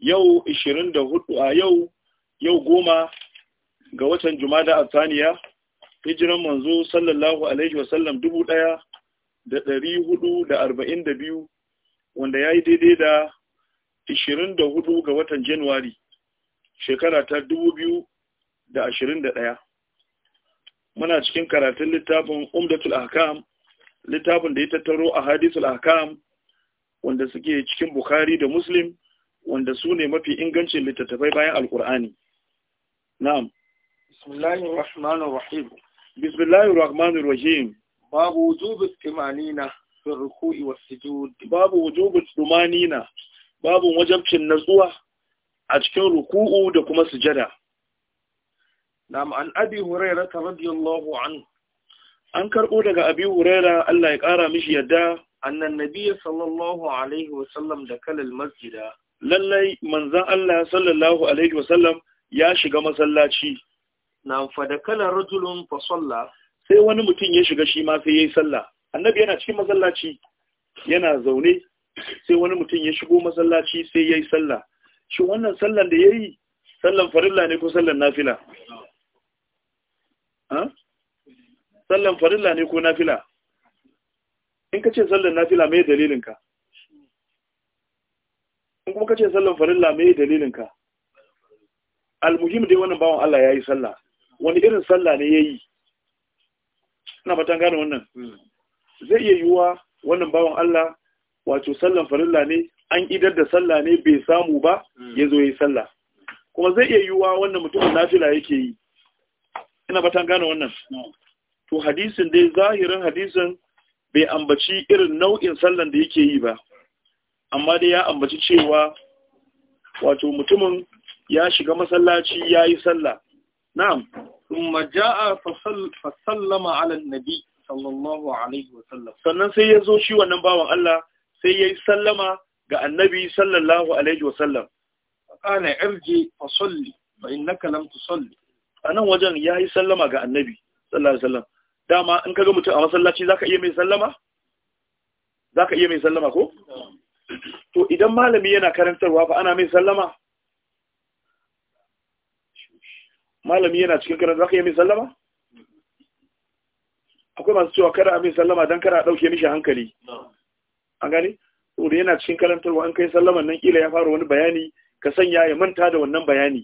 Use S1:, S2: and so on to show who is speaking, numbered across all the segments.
S1: yau 24 a yau yau goma ga watan jumada a taniya hijiran manzo sallallahu alaihi wasallam dubu daya da dari hudu da arba'in da biyu wanda ya yi daidai da 24 ga watan januwari shekara ta dubu biyu da ashirin da daya muna cikin karatun littafin umdatul ahkam littafin da ya tattaro a hadisul ahkam wanda suke cikin bukhari da muslim wanda su ne mafi ingancin littattafai bayan alkur'ani na'am bismillahir rahmanir rahim bismillahir rahmanir rahim babu wujubu imanina fi ruku'i was babu wujubu tumanina babu wajabcin natsuwa a cikin ruku'u da kuma sujada na'am an abi hurairah radiyallahu anhu an karbo daga abi hurairah Allah ya kara mishi yadda annan nabiyyi sallallahu alaihi wasallam da kalal masjida lallai manzan Allah sallallahu alaihi wasallam ya shiga masallaci na fadakala rajulun fasalla. sai wani mutum ya shiga shi ma sai ya yi sallah annabi yana cikin masallaci yana zaune sai wani mutum ya shigo masallaci sai ya yi sallah shin wannan sallan da ya yi? sallan farilla ne ko sallan nafila sallan farilla ne ko nafila in ka ce sallan nafila me dalilin dalilinka? in kuma kace sallan farilla me dalilin ka almuhim dai wannan bawan Allah yayi sallah wani irin sallah ne yayi ina fatan gane wannan zai iya yiwuwa wannan bawan Allah wato sallan farilla ne an idar da sallah ne bai samu ba ya zo yi sallah kuma zai iya yiwuwa wannan mutumin nafila yake yi ina fatan gane wannan to hadisin dai zahirin hadisin bai ambaci irin nau'in sallan da yake yi ba amma dai ya ambaci cewa wato mutumin ya shiga masallaci ya yi sallah na'am kuma ja'a fa sallama ala nabi sallallahu alaihi wa sallam sannan sai ya zo shi wannan bawan Allah sai yayi sallama ga annabi sallallahu alaihi wa sallam qala irji fa salli fa innaka lam tusalli anan wajen yayi sallama ga annabi sallallahu alaihi wa sallam dama in kaga mutum a masallaci zaka iya mai sallama zaka iya mai sallama ko to idan malami yana karantarwa fa ana mai sallama malami yana cikin karantarwa ka yi mai sallama akwai masu cewa kada a mai sallama don kada a ɗauke mishi hankali an gani To da yana cikin karantarwa an kai sallaman nan kila ya fara wani bayani ka sanya ya manta da wannan bayani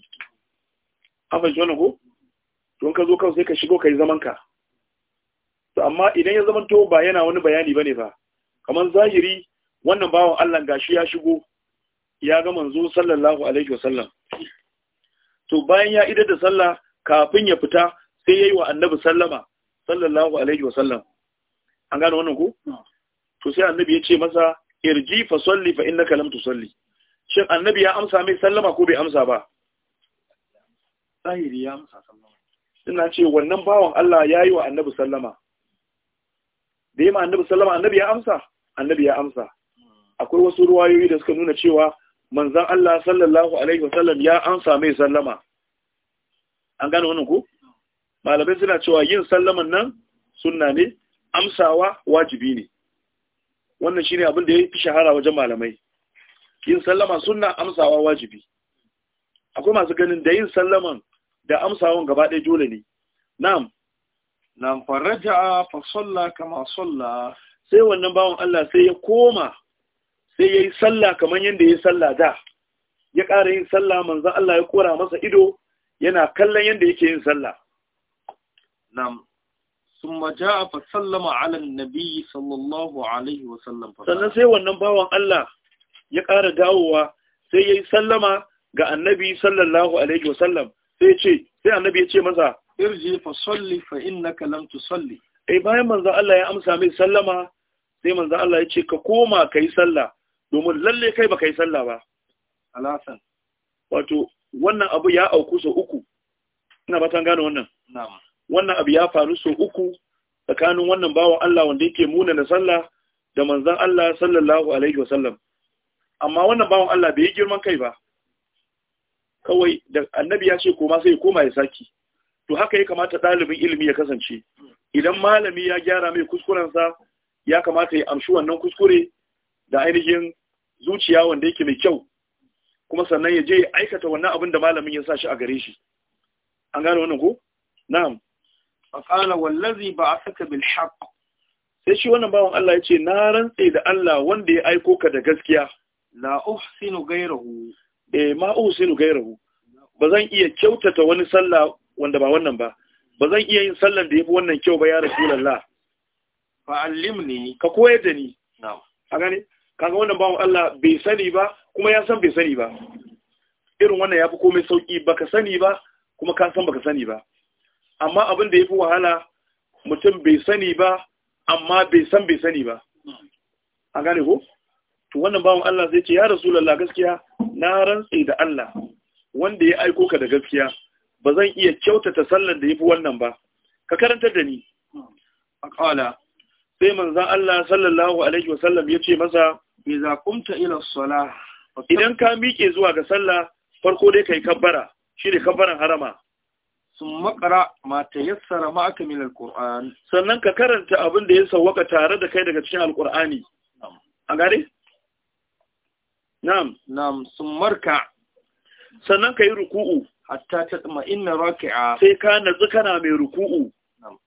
S1: an fahimci wani ko don ka zo kawai sai ka shigo ka yi zaman ka to amma idan ya zama to ba yana wani bayani bane ba kamar zahiri wannan bawan Allah gashi ya shigo ya ga manzo sallallahu alaihi wasallam to bayan ya idar da sallah kafin ya fita sai yayi wa annabi sallama sallallahu alaihi wasallam an gane wannan ko to sai annabi ya ce masa irji fa salli fa innaka lam tusalli shin annabi ya amsa mai sallama ko bai amsa ba zahiri ya amsa sallama ina ce wannan bawan Allah yayi wa annabi sallama da yi ma annabi sallama annabi ya amsa annabi ya amsa akwai wasu ruwayoyi da suka nuna cewa manzan Allah sallallahu alaihi wasallam ya amsa mai sallama an gane wannan ku? malamai suna cewa yin sallaman nan suna ne amsawa wajibi ne wannan ne abin da ya fi shahara wajen malamai yin sallama suna amsawa wajibi akwai masu ganin da yin sallaman da amsawan gaba ɗaya dole ne nam na faraja fa sallah kama sallah, sai wannan bawon Allah sai ya koma sai ya yi sallah kamar yadda ya yi sallah da ya ƙara yin sallah manzan Allah ya kora masa ido yana kallon yadda yake yin sallah nam summa ja'a fa sallama ala nabi sallallahu alaihi wa sallam sannan sai wannan bawan Allah ya ƙara dawowa sai ya yi sallama ga annabi sallallahu alaihi wa sallam sai ce sai annabi ya ce masa irji fa salli fa innaka lam tusalli eh bayan manzan Allah ya amsa mai sallama sai manzan Allah ya ce ka koma ka yi sallah domin lalle kai baka yi sallah ba alasan wato wannan abu ya auku so uku ina batan gane wannan wannan abu ya faru so uku tsakanin wannan bawan Allah wanda yake muna da sallah da manzon Allah sallallahu alaihi wasallam amma wannan bawan Allah bai yi girman kai ba kawai da annabi ya ce koma sai koma ya saki to haka ya kamata ɗalibin ilimi ya kasance idan malami ya gyara mai kuskurensa ya kamata ya amshi wannan kuskure da ainihin zuciya wanda yake mai kyau kuma sannan ya je ya aikata wannan abin da malamin ya sa shi a gare shi an gane wannan ko na'am faqala wallazi ba'athaka bil haqq sai shi wannan bawon Allah ya ce na rantse da Allah wanda ya aiko ka da gaskiya la uhsinu ghayrahu eh ma uhsinu ghayrahu bazan iya kyautata wani sallah wanda ba wannan ba bazan iya yin sallan da yafi wannan kyau ba ya rasulullah fa allimni ka koyar da ni na'am a gane kaga wannan bawon Allah bai sani ba kuma ya san bai sani ba irin wannan yafi komai sauki baka sani ba kuma ka san baka sani ba amma abin da yafi wahala mutum bai sani ba amma bai san bai sani ba an gane ko to wannan bawon Allah zai ce ya rasulullah gaskiya na rantsi da Allah wanda ya aiko ka da gaskiya ba zan iya kyautata sallar da yafi wannan ba ka karantar da ni a sai manzan Allah sallallahu alaihi wasallam ya ce masa iza kunta ila salah idan ka miƙe zuwa ga sallah farko dai kai kabbara shine kabbaran harama summa qara ma tayassara ma'aka min alquran sannan ka karanta abin da ya sawwaka tare da kai daga cikin alqurani A gare na'am na'am marka. sannan kai ruku'u hatta tatma inna raki'a sai ka nazu kana mai ruku'u na'am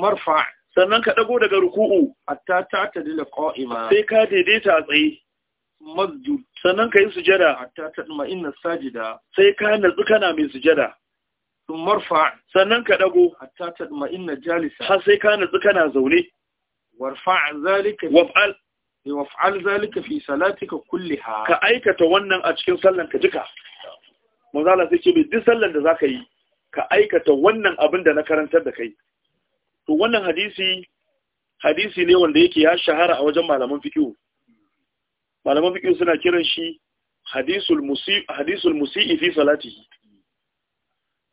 S1: marfa. sannan ka ɗago daga ruku'u hatta ta ta dila qa'ima sai ka daidaita a tsaye masjud sannan ka yi sujada hatta ta dima inna sajida sai ka natsu kana mai sujada sun marfa sannan ka ɗago hatta ta dima inna jalisa har sai ka natsu kana zaune warfa zalika waf'al waf'al zalika fi salatika kulliha ka aikata wannan a cikin sallan ka duka manzala sai ce duk sallan da zaka yi ka aikata wannan abin da na karantar da kai to wannan hadisi hadisi ne wanda yake ya shahara a wajen malaman fiqh malaman fiqh suna kiran shi hadisul musii hadisul musii fi salatihi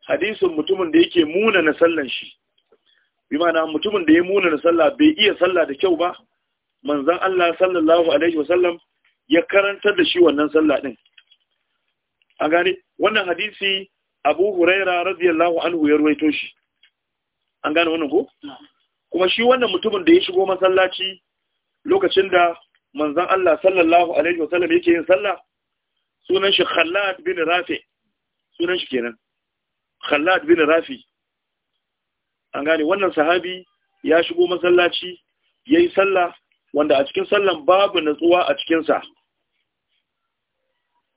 S1: hadisin mutumin da yake muna na sallan shi bi ma'ana mutumin da ya muna na sallah bai iya sallah da kyau ba manzon Allah sallallahu alaihi wasallam ya karantar da shi wannan sallah din A gane wannan hadisi Abu Huraira radiyallahu anhu ya ruwaito shi an gane wannan ko kuma shi wannan mutumin da ya shigo masallaci lokacin da manzon Allah sallallahu alaihi wasallam yake yin sallah sunan shi Khalad bin Rafi sunan shi kenan Khalad bin Rafi an gane wannan sahabi ya shigo masallaci yayi sallah wanda a cikin sallan babu natsuwa a cikin sa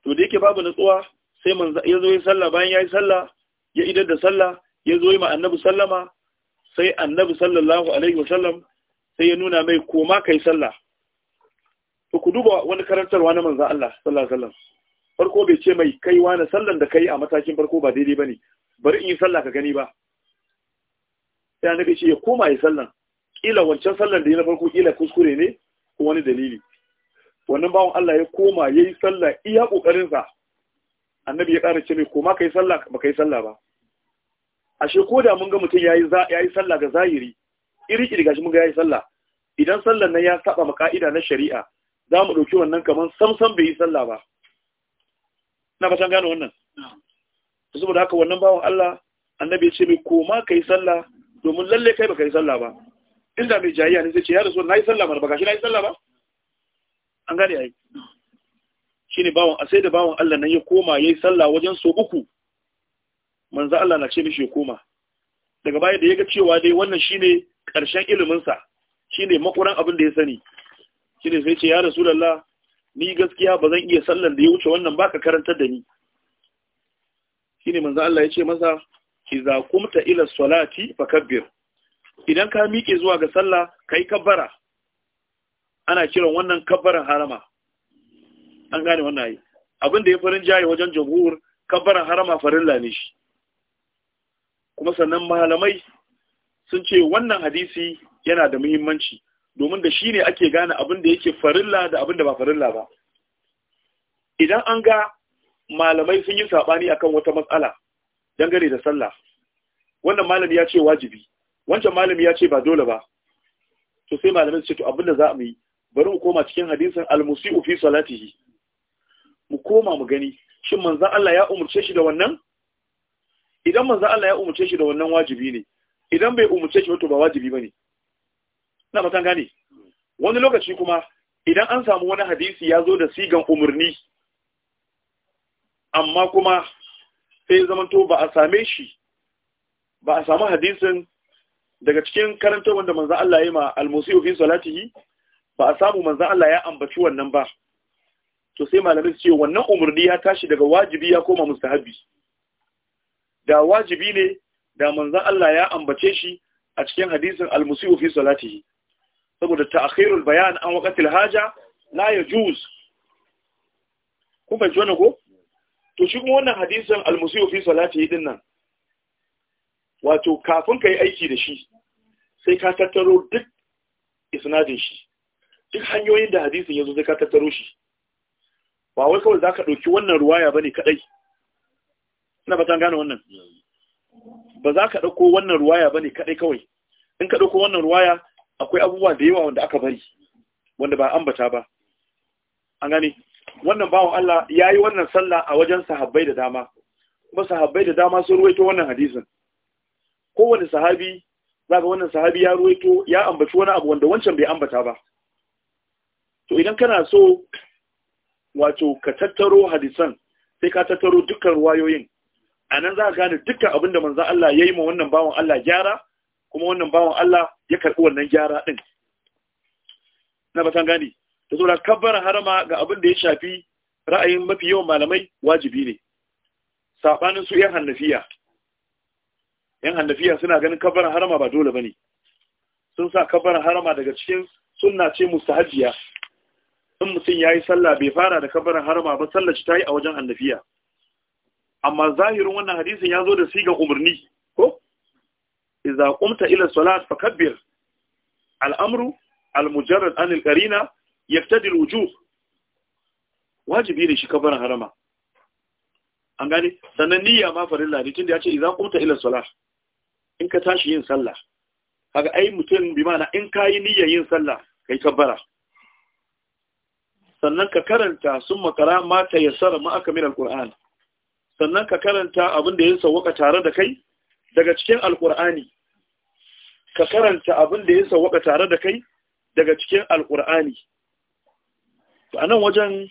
S1: to da yake babu natsuwa sai manzo ya zo yi sallah bayan yayi sallah ya idar da sallah ya zo yi ma annabi sallama sai annabi sallallahu alaihi wasallam sai ya nuna mai koma kai sallah to ku duba wani karantarwa na manzo Allah sallallahu alaihi wasallam farko bai ce mai kai wani sallan da kai a matakin farko ba daidai bane bari in yi sallah ka gani ba sai annabi ce ya koma yi sallan kila wancan sallan da yana farko kila kuskure ne ko wani dalili wannan bawon Allah ya koma yayi sallah iya kokarin sa annabi ya ƙara ce mai koma kai sallah ba kai sallah ba ashe ko da mun ga mutum yayi yayi sallah ga zahiri iri iri gashi mun ga yayi sallah idan sallan nan ya saba ma ka'ida na shari'a za mu dauki wannan kaman samsam bai yi sallah ba na fatan gane wannan saboda haka wannan bawan Allah annabi ya ce mai koma kai sallah domin lalle kai baka yi sallah ba inda mai jayiya ne zai ce ya rasu na yi sallah mana baka shi na yi sallah ba an gane ai shine bawan sai da bawan Allah nan ya koma yayi sallah wajen so uku manzo Allah na ce mishi ya koma daga baya da yaga cewa dai wannan shine karshen ilimin sa shine makuran abin da ya sani shine sai ce ya rasulullah ni gaskiya ba zan iya sallan da ya wuce wannan baka karantar da ni shine manzo Allah ya ce masa iza kumta ila salati fakabbir idan ka miƙe zuwa ga sallah kai kabbara ana kiran wannan kabbaran harama an gane wannan ayi abin da ya farin jaye wajen jamhur kabbaran harama farilla ne shi kuma sannan malamai sun ce wannan hadisi yana da muhimmanci domin da shi ne ake gane abin da yake farilla da abin da ba farilla ba idan an ga malamai sun yi saɓani akan wata matsala dangane da sallah wannan malami ya ce wajibi wancan malami ya ce ba dole ba to sai malamai su ce to abin da za mu yi bari mu koma cikin hadisin almusi'u fi salatihi mu koma mu gani shin manzon Allah ya umurce shi da wannan idan manzo Allah ya umurce shi da wannan wajibi ne idan bai umurce shi wato ba wajibi bane ina matan gane wani lokaci kuma idan an samu wani hadisi ya zo da sigan umurni amma kuma sai zamanto ba a same shi ba a samu hadisin daga cikin karanta wanda manzo Allah ya yi ma al-musiu fi salatihi ba a samu manzo Allah ya ambaci wannan ba to sai malamin ce wannan umurni ya tashi daga wajibi ya koma mustahabi da wajibi ne da manzon Allah ya ambace shi a cikin hadisin al-musiu fi salatihi saboda ta'khirul bayan an waqtil haja la yajuz kuma jona ko to shi kuma wannan hadisin al-musiu fi salatihi din nan wato kafin kai aiki da shi sai ka tattaro duk isnadin shi duk hanyoyin da hadisin yazo sai ka tattaro shi ba wai kawai zaka dauki wannan ruwaya bane kadai ina bata gane wannan ba za ka ɗauko wannan ruwaya ba ne kaɗai kawai in ka ɗauko wannan ruwaya akwai abubuwa da yawa wanda aka bari wanda ba ambata ba an gane wannan bawan Allah ya yi wannan sallah a wajen sahabbai da dama kuma sahabbai da dama sun ruwaito wannan hadisin kowane sahabi za ga wannan sahabi ya ruwaito ya ambaci wani abu wanda wancan bai ambata ba to idan kana so wato ka tattaro hadisan sai ka tattaro dukkan ruwayoyin a nan za a gane dukkan abin da manzan Allah ya yi ma wannan bawan Allah gyara kuma wannan bawan Allah ya karɓi wannan gyara ɗin na ba san gane da kabbar harama ga abin da ya shafi ra'ayin mafi yawan malamai wajibi ne saɓanin su 'yan hannafiya yan hannafiya suna ganin kabbar harama ba dole ba ne sun sa kabbar harama daga cikin sunna ce mustahajiya in mutum ya yi sallah bai fara da kabbar harama ba sallah ta yi a wajen hannafiya amma zahirin wannan hadisin ya zo da siga umarni ko idza qumta ila salat fakabbir al'amru al-mujarrad an al-qarina yaktadi al wajibi ne shi kabarin harama an gane sannan niyya ma farilla ne tunda ya ce idza qumta ila salat in ka tashi yin sallah kaga ai mutum bi mana in kayi niyyar yin sallah kai kabbara sannan ka karanta sun makara mata ya sara ma'aka min alƙur'an sannan ka karanta abin da ya sawwaka tare da kai daga cikin alkur'ani ka karanta abin da ya sawwaka tare da kai daga cikin alkur'ani a nan wajen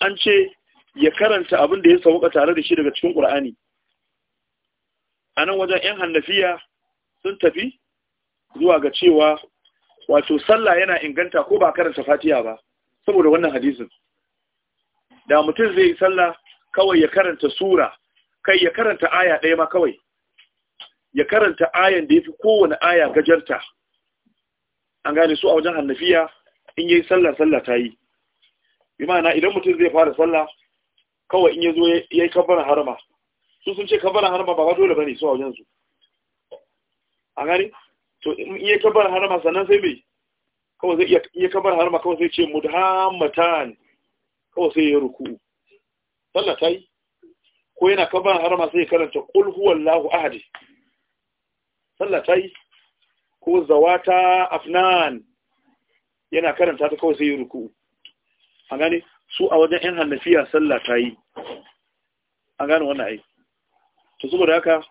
S1: an ce ya karanta abin da ya sawwaka tare da shi daga cikin ƙur'ani a nan wajen 'yan hannafiya sun tafi zuwa ga cewa wato sallah yana inganta ko ba karanta fatiya ba saboda wannan hadisin da mutum zai yi sallah kawai ya karanta sura kai ya karanta aya ɗaya ma kawai ya karanta ayan da ya fi kowane aya gajarta an gane su a wajen hannafiya in yi sallah sallah ta yi bi ma'ana idan mutum zai fara sallah kawai in ya zo ya yi kabbaran harma su sun ce kabbaran harma ba dole ba ne su a wajen su an gane to in yi kabbaran harma sannan sai mai kawai zai iya kabbaran harma kawai sai ce mudhammatan kawai sai ya ruku sallah ta yi ko yana kabarin harama sai karanta kul huwallahu ahad sallah ta yi ko zawata afnan yana karanta ta kawai sai yi ruku an gane su a wajen yan hannafiya sallah ta yi an gane wannan ai to saboda haka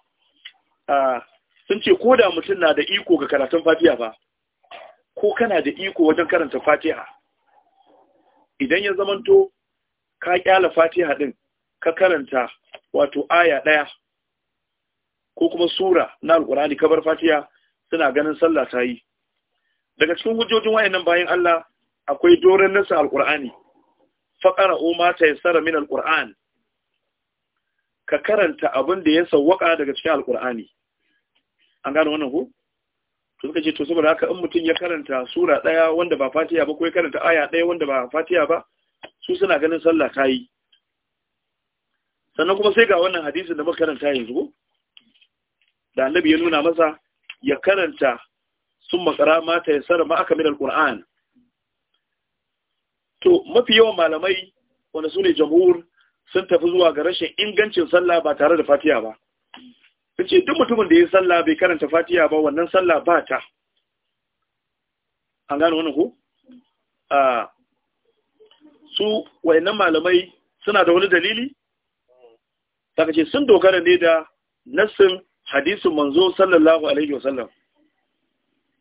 S1: sun ce ko da mutum na da iko ga karatun fatiha ba ko kana da iko wajen karanta fatiha idan ya zamanto ka kyala fatiha din ka karanta wato aya daya ko kuma sura na alqur'ani ka bar fatiha suna ganin sallah ta yi daga cikin hujjojin wayannan bayan Allah akwai doren nasa alqur'ani faqara ma tayassara min alqur'an ka karanta abin da ya sawwaka daga cikin alqur'ani an gane wannan ko to suka to saboda haka in mutum ya karanta sura daya wanda ba fatiha ba ko ya karanta aya daya wanda ba fatiha ba su suna ganin sallah ta yi sannan kuma sai ga wannan hadisin da makaranta yanzu da annabi ya nuna masa ya karanta sun makara mata ya sarra ma'aka alƙur'an to mafi yawan malamai wanda su ne jamhur sun tafi zuwa ga rashin ingancin sallah ba tare da fatiya ba sun ce duk mutumin da ya sallah bai karanta fatiya ba wannan sallah ba ta an gano wani ku su wayannan malamai suna da wani dalili Ta ce sun dogara ne da nassin hadisin manzo sallallahu alaihi wasallam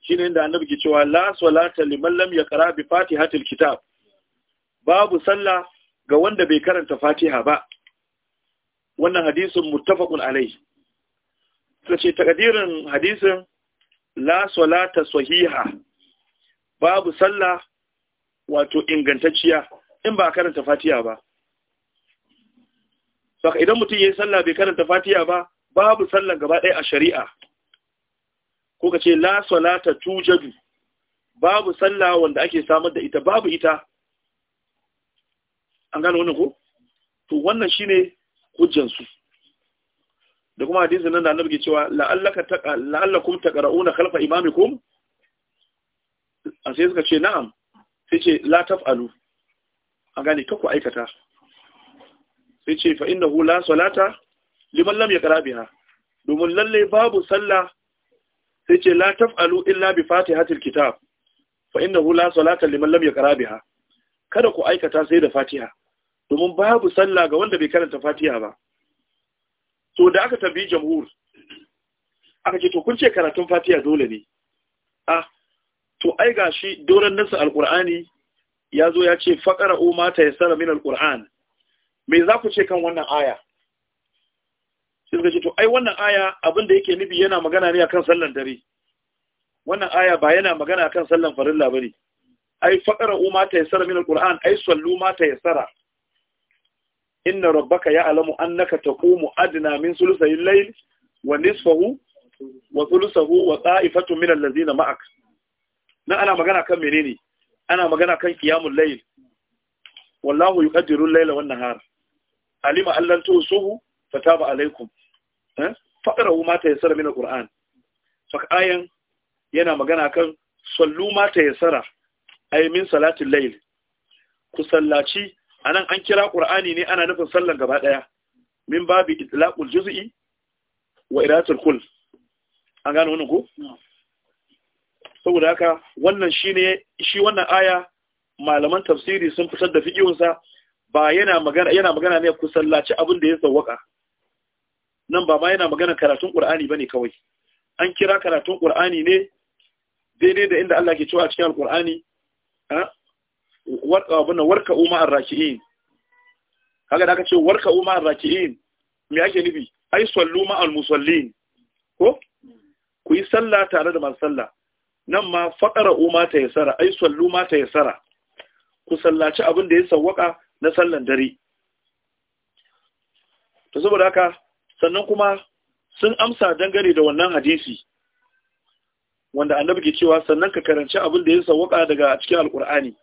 S1: shine inda annabi ke cewa la salata liman lam yaqra bi fatihatil kitab babu sallah ga wanda bai karanta fatiha ba wannan hadisin muttafaqun alaihi sace takadirin hadisin la salata sahiha babu sallah wato ingantacciya in ba a karanta fatiya ba saka idan mutum ya yi sallah bai karanta fatiya ba babu sallan gaba ɗaya a shari'a ko ka ce la salata tujadu babu sallah wanda ake samar da ita babu ita an gano wannan ko to wannan shine hujjansu da kuma hadisi nan da annabi ke cewa la'allaka taqa la'allakum taqra'una khalfa imamikum sai suka ce na'am sai ce la taf'alu A gane ku aikata sai ce fa inna hula salata liman lam ya biha domin lalle babu sallah sai ce la taf'alu illa bi fatihatil kitab fa inna hula salata liman lam ya biha kada ku aikata sai da fatiha domin babu sallah ga wanda bai karanta fatiha ba to da aka tabbi jamhur aka ce to kun ce karatun fatiha dole ne ah to ai gashi doran nasu alqur'ani ya zo ya ce faƙara umar ta yassara min alƙur'an me za ku ce kan wannan aya sai suka ce to ai wannan aya abinda yake nufi yana magana ne akan sallan dare wannan aya ba yana magana akan sallan farin labari. ai faqara umma ta yassara min alquran ai sallu ma ta yassara inna rabbaka ya'lamu annaka taqumu adina min thuluthay al wa nisfahu wa thuluthahu wa qa'ifatun min alladhina ma'ak nan ana magana kan menene ana magana kan kiyamun layl wallahu yuqaddiru al-layla wan nahar alima allan tusuhu fataba alaykum eh faqrahu ma tayassara min al-qur'an ayan yana magana kan sallu ma tayassara ay min salatil layl ku sallaci anan an kira qur'ani ne ana nufin sallan gaba daya min babi itlaqul juz'i wa iratul kull an gano wannan ko saboda haka wannan shine shi wannan aya malaman tafsiri sun fitar da fiqihunsa ba yana magana yana magana ne ku sallaci abin da ya sawwaka nan ba ma yana magana karatun Qur'ani bane kawai an kira karatun Qur'ani ne daidai da inda Allah ke cewa a cikin Al-Qur'ani warka abuna warka umma rakiin kaga da aka ce warka umma ar-raki'in me ake nufi ai sallu ma al-musallin ko ku yi sallah tare da masu sallah nan ma faɗara uma ta yasara ai sallu ma ta yasara ku sallaci abin da ya sawwaka na sallan dare to saboda haka sannan kuma sun amsa dangane da wannan hadisi wanda annabi ke cewa sannan ka karanci abin da ya sawwaka daga cikin alkur'ani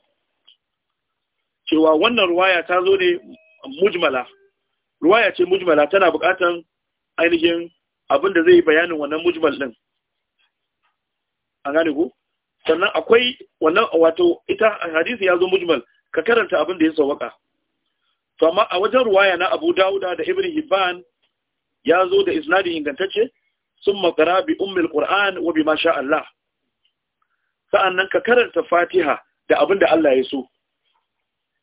S1: cewa wannan ruwaya ta zo ne mujmala ruwaya ce mujmala tana buƙatan ainihin abin da zai yi bayanin wannan mujmal din an gane ku sannan akwai wannan wato ita hadisi ya zo mujmal ka karanta abin da ya sawaka to amma a wajen ruwaya na Abu Dawuda da Ibn Hibban ya zo da isnadi ingantacce sun makara bi ummil Qur'an wa bi masha Allah sa'annan ka karanta Fatiha da abin da Allah ya so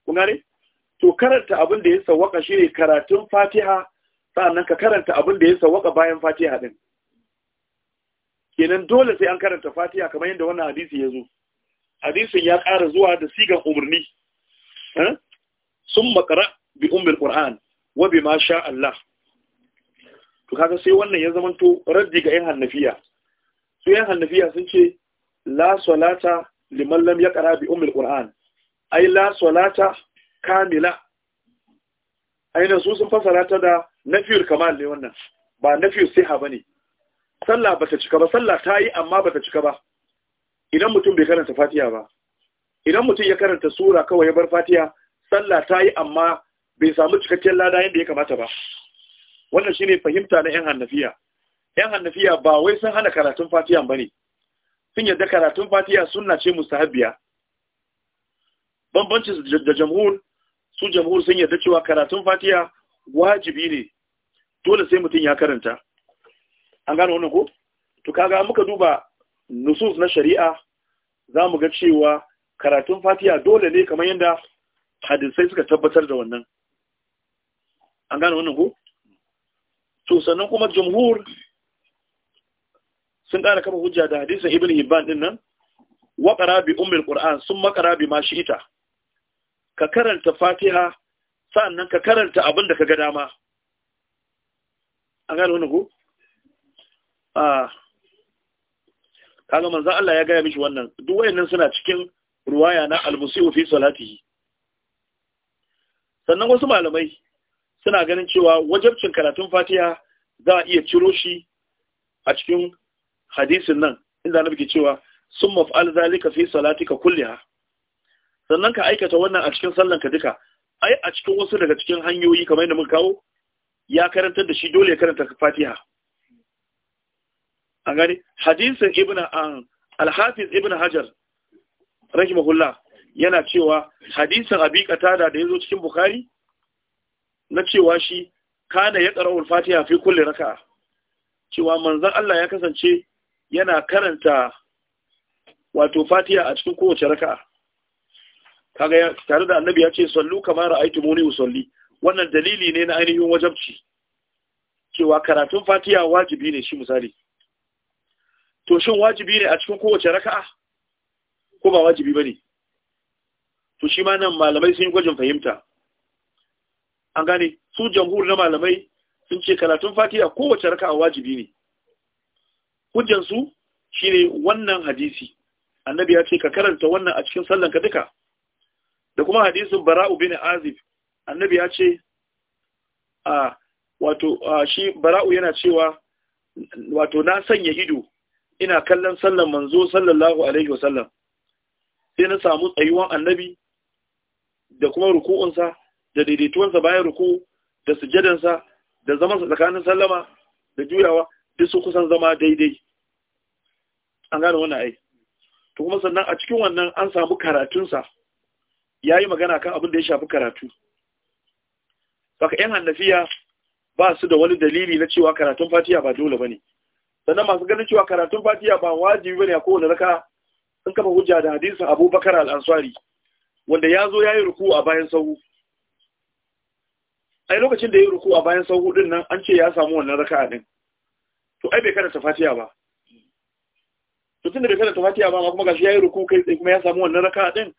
S1: kun gane to karanta abin da ya sawaka shine karatun Fatiha sa'annan ka karanta abin da ya sawaka bayan Fatiha din kenan dole sai an karanta fatiha kamar yadda wannan hadisi ya zo hadisin ya ƙara zuwa da sigan umarni eh? sun makara bi umar ƙuran wa bi ma sha Allah to kaga sai wannan ya zamanto raddi ga 'yan hannafiya su 'yan hannafiya sun ce la salata liman ya ƙara bi umar ƙuran ai la salata kamila ainihin su sun fasara ta da nafiyar kamal ne wannan ba nafiyar siha ba ne sallah ba ta cika ba sallah ta yi amma ba ta cika ba idan mutum bai karanta fatiya ba idan mutum ya karanta sura kawai ya bar fatiya sallah ta yi amma bai samu cikakken lada yadda ya kamata ba wannan shine fahimta na yan hannafiya yan hannafiya ba wai sun hana karatun fatiya ba ne. sun yadda karatun fatiya sunna ce mustahabbiya bambanci da jamhur su jamhur sun yadda cewa karatun fatiya wajibi ne dole sai mutum ya karanta an gane wannan ko to kaga muka duba nusus na shari'a za mu ga cewa karatun fatiha dole ne kamar yadda hadisai suka tabbatar da wannan an gane wannan ko to sannan kuma jamhur sun ƙara kafa hujja da hadisin ibn hibban din nan wa qarabi ummul qur'an sun makara bi ma shi'ita ka karanta fatiha sannan ka karanta abin da ka ga dama an gane wannan ko Ah. kaga manzo Allah ya gaya mishi wannan duk wayannan suna cikin ruwaya na al-musiu fi salatihi sannan wasu malamai suna ganin cewa wajabcin karatun Fatiha za a iya ciro shi a cikin hadisin nan inda na ke cewa summa fa'al zalika fi salatika kulliha sannan ka aikata wannan a cikin ka duka ai a cikin wasu daga cikin hanyoyi kamar yadda muka kawo ya karantar da shi dole ya karanta Fatiha an gani hadisin ibn ah, al-hafiz ibn hajar rahimahullah yana cewa hadisin abi da da yazo cikin bukhari na cewa shi kana ya qara'ul fatiha fi kulli raka'a cewa manzon Allah ya kasance yana karanta wato fatiha a cikin kowace raka'a kaga tare da annabi ya ce sallu kama muni usalli wannan dalili ne na ainihin wajabci cewa karatun fatiha wajibi ne shi misali to shin wajibi ne a cikin kowace raka'a ko ba wajibi bane to shi ma nan malamai sun yi gwajin fahimta an gane su jamhur na malamai sun ce karatun fatiha kowace raka'a wajibi ne hujjan su shine wannan hadisi annabi ya ce ka karanta wannan a cikin sallan ka duka da kuma hadisin bara'u bin azib annabi ya ce a wato shi bara'u yana cewa wato na sanya ido ina kallon sallar manzo sallallahu alaihi wasallam sai na samu tsayuwan annabi da kuma ruku'unsa da daidaituwansa bayan ruku da sujadansa da zamansa tsakanin sallama da juyawa duk su kusan zama daidai an gane wannan ai to kuma sannan a cikin wannan an samu karatunsa ya yi magana kan abin da ya shafi karatu baka yan hannafiya ba su da wani dalili na cewa karatun fatiya ba dole ba ne sannan masu ganin cewa karatun fatiha ba wajibi bane a kowane raka in kafa hujja da hadisin abubakar al wanda ya zo ya yi ruku a bayan sahu ai lokacin da ya yi ruku a bayan sahu din nan an ce ya samu wannan raka din to ai bai karanta fatiha ba to tunda bai karanta fatiha ba kuma gashi ya yi ruku kai tsaye kuma ya samu wannan raka din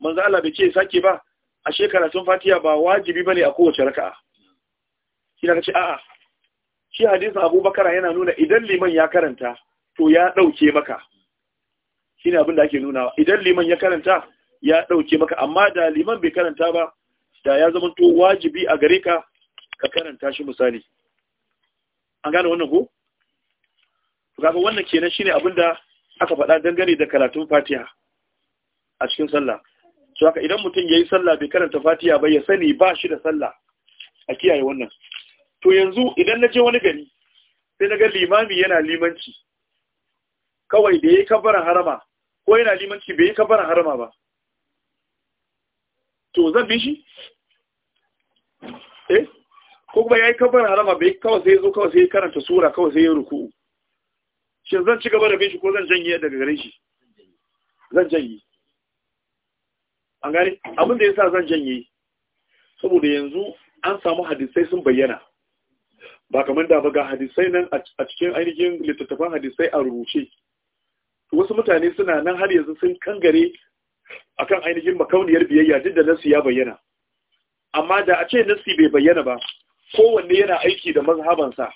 S1: manzo Allah bai ce sake ba a shekara Fatiya fatiha ba wajibi bane a kowace raka'a kina ka ce a'a shi hadisin abubakar yana nuna idan liman ya karanta to ya ɗauke maka shi ne abin da ake nunawa idan liman ya karanta ya ɗauke maka amma da liman bai karanta ba da ya zama to wajibi a gare ka ka karanta shi misali an gane wannan ko? kaga wannan kenan shine abin da aka faɗa dangane da karatun fatiha a cikin sallah to haka idan mutum ya yi sallah bai karanta fatiha ba ya sani ba shi da sallah a kiyaye wannan to yanzu idan na je wani gari sai na ga limami yana limanci kawai da ya yi kabbaran harama ko yana limanci bai yi kabbaran harama ba to zan bi shi eh ko kuma ya yi kabbaran harama bai kawai sai ya zo kawai sai ya karanta sura kawai sai ya ruku'u shin zan ci gaba da bin shi ko zan janye daga gare shi zan janye an gane abinda ya sa zan janye saboda yanzu an samu hadisai sun bayyana ba kamar da ba ga hadisai nan a cikin ainihin littattafan hadisai a rubuce wasu mutane suna nan har yanzu sun kangare akan ainihin makauniyar biyayya duk da nasu ya bayyana amma da a ce nasu bai bayyana ba kowanne yana aiki da mazhabansa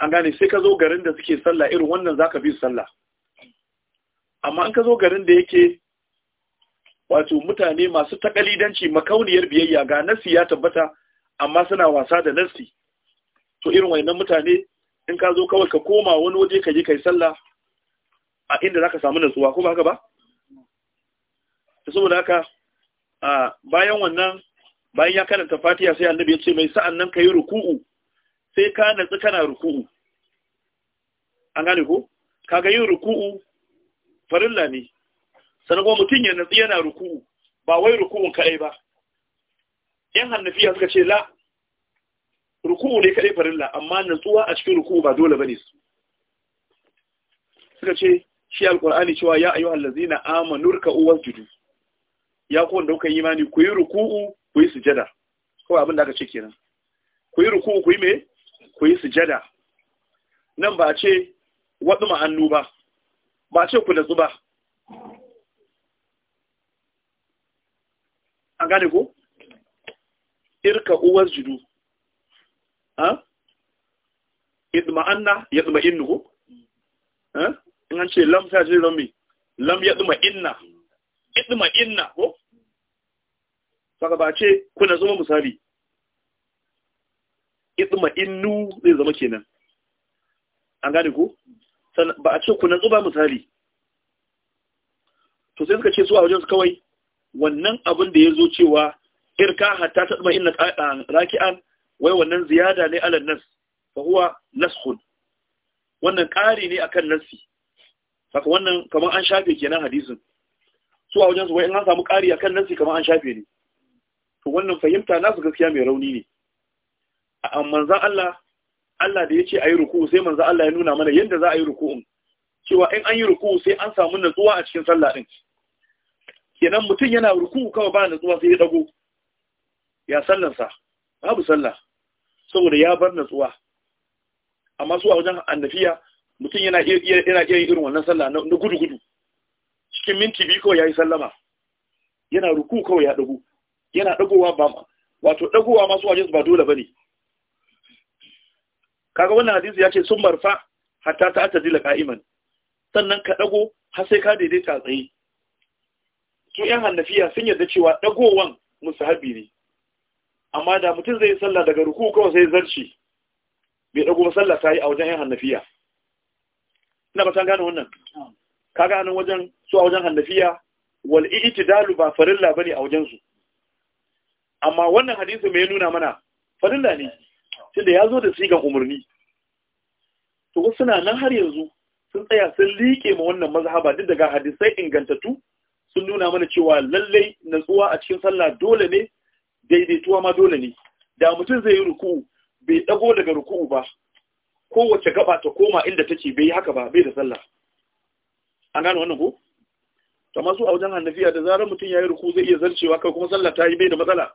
S1: an gane sai ka zo garin da suke sallah irin wannan zaka bi sallah amma an ka zo garin da yake wato mutane masu takalidanci makauniyar biyayya ga nasi ya tabbata amma suna wasa da nasi to irin wayannan mutane in ka zo kawai ka koma wani waje ka je kai sallah a inda zaka samu nutsuwa ko ba haka ba saboda haka a bayan wannan bayan ya karanta Fatiha sai Annabi ya ce mai sa'an nan kai ruku'u sai ka natsu kana ruku'u an gane ko kaga yin ruku'u farilla ne sanan kuma mutum ya natsu yana ruku'u ba wai ruku'un kaɗai ba yan hannafiya suka ce la ruku'u ne kadai farilla amma natsuwa a cikin ruku'u ba dole bane su suka ce shi alqur'ani cewa ya ayu allazina amanu ruku'u wasjudu ya ku wanda kuka yi imani ku yi ruku'u ku yi sujada kawai abin da aka ce kenan ku yi ruku'u ku yi me ku yi sujada nan ba ce wadu ma'annu ba ba ce ku nutsu ba an gane ko irka uwar judu ah idma'anna yadma'innu ko ah in an ce lam sai ce lam lam yadma'inna idma'inna ko saka ba ce kuna zama misali idma'innu zai zama kenan an gane ko ba a ce kuna zuba misali to sai suka ce su a wajen su kawai wannan abin da ya zo cewa irka hatta ta tsuma inna raki'an wai wannan ziyada ne alal nas fa huwa naskhun wannan ƙari ne akan nasi saka wannan kamar an shafe kenan hadisin su a wajen su wai in an samu ƙari akan nasi kamar an shafe ne to wannan fahimta nasu gaskiya mai rauni ne a manzan Allah Allah da ya ce a yi ruku sai manzan Allah ya nuna mana yadda za a yi ruku'un cewa in an yi ruku sai an samu natsuwa a cikin sallah din kenan mutum yana ruku kawai ba natsuwa sai ya dago ya sallansa babu sallah saboda ya bar natsuwa amma su a wajen annafiya mutum yana iya yana iya irin wannan sallah na gudu gudu cikin minti biyu kawai yayi sallama yana ruku kawai ya dago yana dagowa ba wato dagowa ma su ba dole bane kaga wannan hadisi ya ce sun marfa hatta ta dila qa'iman sannan ka dago har sai ka daidaita tsaye su ‘yan hannafiya sun yarda cewa dagowan musahabi ne amma da mutum zai sallah daga ruku kawai sai zarci bai dago ba sallah ta yi a wajen yan hannafiya ina ba gane wannan Ka nan wajen su a wajen hannafiya wal ijtidalu ba farilla bane a wajen su amma wannan hadisi mai nuna mana farilla ne tunda ya zo da sigan umarni to wasu na nan har yanzu sun tsaya sun liƙe ma wannan mazhaba duk daga hadisai ingantattu sun nuna mana cewa lallai natsuwa a cikin sallah dole ne daidaituwa ma dole ne da mutum zai yi ruku'u bai dago daga ruku'u ba kowace gaba ta koma inda take bai haka ba bai da sallah an gano wannan ko to masu a wajen hannafiya da zarar mutum yayi ruku zai iya zarcewa kai kuma sallah ta yi bai da matsala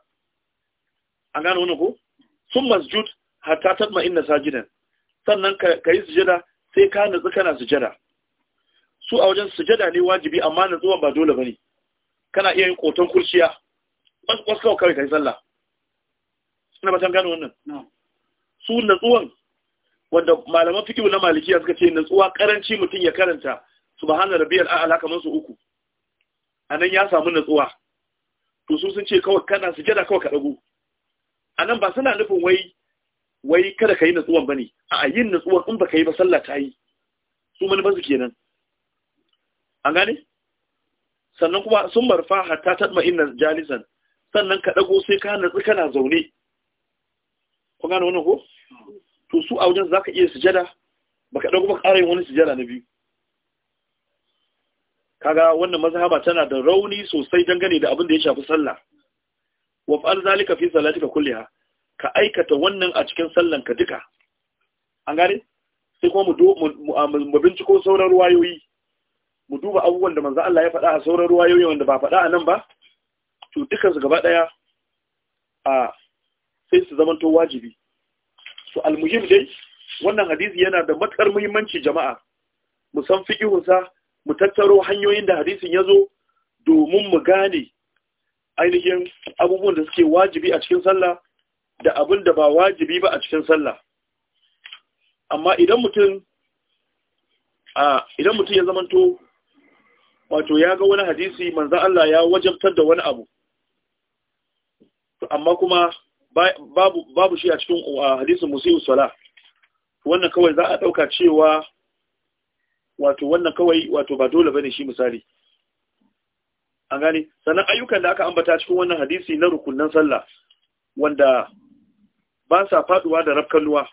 S1: an gano wannan ko sun masjud hatta tatma inna sajidan sannan ka yi sujada sai ka nutsu kana sujada su a wajen sujada ne wajibi amma nutsuwan ba dole bane kana iya yin koton kurciya wasu kawai kawai yi sallah ina ba san gano wannan su natsuwan wanda malaman fikihu na malikiya suka ce natsuwa karanci mutum ya karanta su subhana rabbiyal a'la kamar su uku anan ya samu natsuwa to su sun ce kawai kana sujada kawai ka dago anan ba suna nufin wai wai kada ka yi natsuwan ne. a yin natsuwan in baka yi ba sallah ta yi su manufar su kenan an gane sannan kuma sun marfa hatta tatma inna jalisan sannan ka ɗago sai ka natsu kana zaune kun gane wannan ko to su a wajen zaka iya sujada baka ɗago ba ƙara yin wani sujada na biyu kaga wannan mazhaba tana da rauni sosai dangane da abin da ya shafi sallah wa fa'al zalika fi salatika kulliha ka aikata wannan a cikin sallan ka duka an gane sai kuma mu mu binciko sauran ruwayoyi mu duba abubuwan da manzo Allah ya faɗa a sauran ruwayoyi wanda ba faɗa a nan ba to dukansu gaba ɗaya a sai su zamanto wajibi su almuhim dai wannan hadisi yana da matsar muhimmanci jama'a mu san fiƙihunsa mu tattaro hanyoyin da hadisin ya zo domin mu gane ainihin abubuwan da suke wajibi a cikin sallah da abin da ba wajibi ba a cikin sallah amma idan mutum a idan mutum ya zamanto wato ya ga wani hadisi manzan Allah ya wajabtar da wani abu amma kuma babu shi a cikin hadisin musu sala wannan kawai za a dauka cewa wato wannan kawai wato ba dole bane shi misali an gane sannan ayyukan da aka ambata cikin wannan hadisi na rukunnan sallah wanda ba sa faduwa da rafkanuwa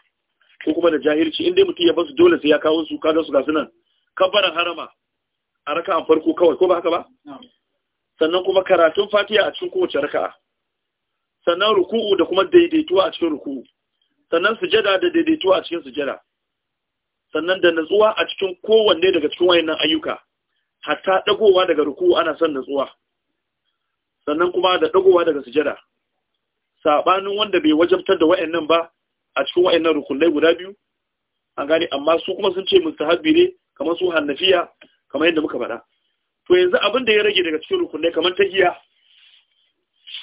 S1: ko kuma da jahilci inda mutum ya basu dole sai ya kawo su kaga su gasu nan kabbaran harama a raka'an farko kawai ko ba haka ba sannan kuma karatun Fatiya a cikin kowace raka'a sannan ruku'u da kuma daidaituwa a cikin ruku'u sannan sujada da daidaituwa a cikin sujada sannan da natsuwa a cikin kowanne daga cikin wayannan ayyuka hatta dagowa daga ruku'u ana son natsuwa sannan kuma da dagowa daga sujada sabanin wanda bai wajabtar da wayannan ba a cikin wayannan rukunai guda biyu an gane amma su kuma sun ce mustahabbi ne kamar su hannafiya kamar yadda muka faɗa to yanzu abin da ya rage daga cikin rukunai kamar tahiya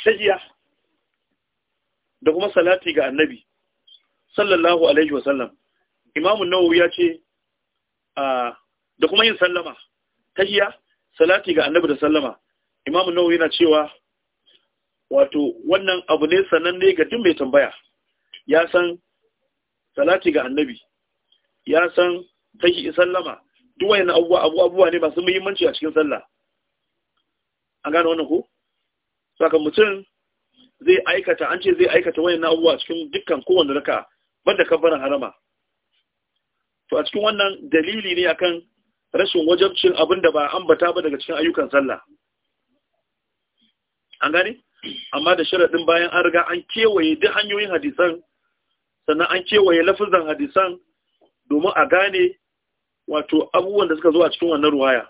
S1: tahiya da kuma salati ga annabi sallallahu alaihi wasallam imamu nawawi ya ce ah, da kuma yin sallama tahiya salati ga annabi da sallama imamu nawawi yana cewa wato wannan abu ne sananne ga duk mai tambaya ya san salati ga annabi ya san tahi sallama duk wayan abubuwa abubuwa ne masu muhimmanci a cikin sallah an gane wannan ko saka mutum zai aikata an ce zai aikata wayan abubuwa cikin dukkan kowanne raka banda kabbaran harama to a cikin wannan dalili ne akan rashin wajabcin abin da ba ambata ba daga cikin ayyukan sallah an gane amma da sharaɗin bayan an riga an kewaye duk hanyoyin hadisan sannan an kewaye lafizan hadisan domin a gane wato abubuwan da suka zo a cikin wannan ruwaya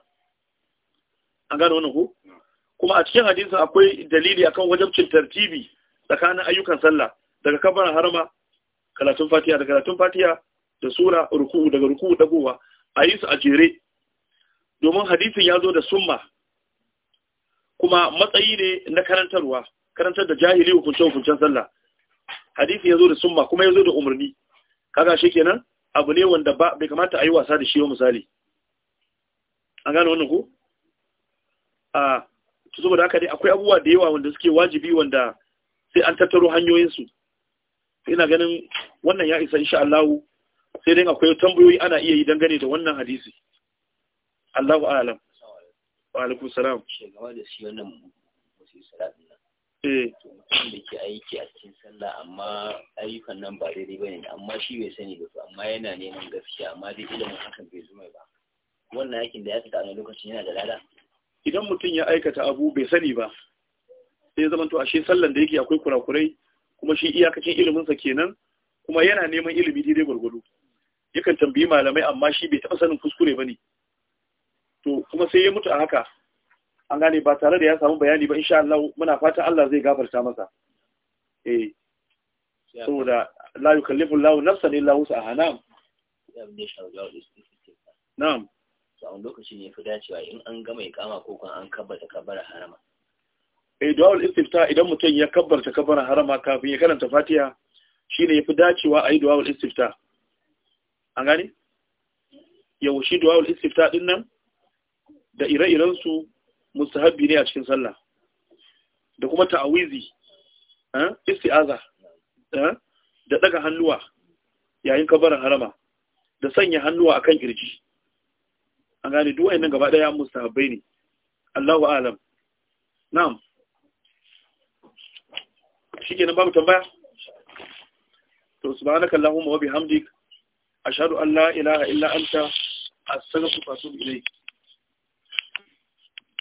S1: an gane wannan ko kuma a cikin hadisin akwai dalili akan wajabcin tartibi tsakanin ayyukan sallah daga kabarin harma karatun fatiya da karatun fatiya da sura ruku'u daga ruku'u dagowa a yi su a jere domin hadisin ya zo da summa kuma matsayi ne na karantarwa karantar da jahili hukunce-hukuncen sallah hadisi ya zo da summa kuma ya zo da umarni kaga shi kenan abu ne wanda ba bai kamata a yi wasa da shi yau misali an gane wannan ku? a to saboda haka dai akwai abubuwa da yawa wanda suke wajibi wanda sai an tattaro hanyoyinsu ina ganin wannan ya isa insha Allah sai dai akwai tambayoyi ana iya yi dangane da wannan hadisi Allahu a'lam wa alaikum salam shugaba da shi wannan musu salatu eh da ke aiki a cikin sallah amma ayyukan nan ba daidai bane amma shi bai sani ba amma yana neman gaskiya amma dai ilimin hakan bai zuma ba wannan yakin da ya fita a lokacin yana da lada idan mutum ya aikata abu bai sani ba sai ya zamanto ashe sallan da yake akwai kurakurai kuma shi iyakacin iliminsa kenan kuma yana neman ilimi daidai gwargwado yakan tambayi malamai amma shi bai taɓa sanin kuskure ba ne to kuma sai ya mutu a haka an gane ba tare da ya samu bayani ba insha Allah muna fata Allah zai gafarta masa eh saboda la yukallifu Allahu nafsan illa wus'aha na'am na'am sa'un lokaci ne fi dacewa in an gama ikama ko kuma an kabbata kabbara harama eh du'aul istifta idan mutum ya kabbarta kabbara harama kafin ya karanta fatiha shine fi dacewa da yi istifta an gane yau shi du'aul istifta din nan da ire-iren su mustahabbi ne a cikin sallah da kuma ta'awizi eh isti'aza eh, da daga hannuwa yayin kabar harama da sanya hannuwa akan kirji an gane duk wayannan gaba daya mustahabbai ne Allahu a'lam na'am shikenan babu tambaya to subhanaka allahumma wa bihamdik ashhadu an la ilaha illa anta astaghfiruka wa atubu ilayk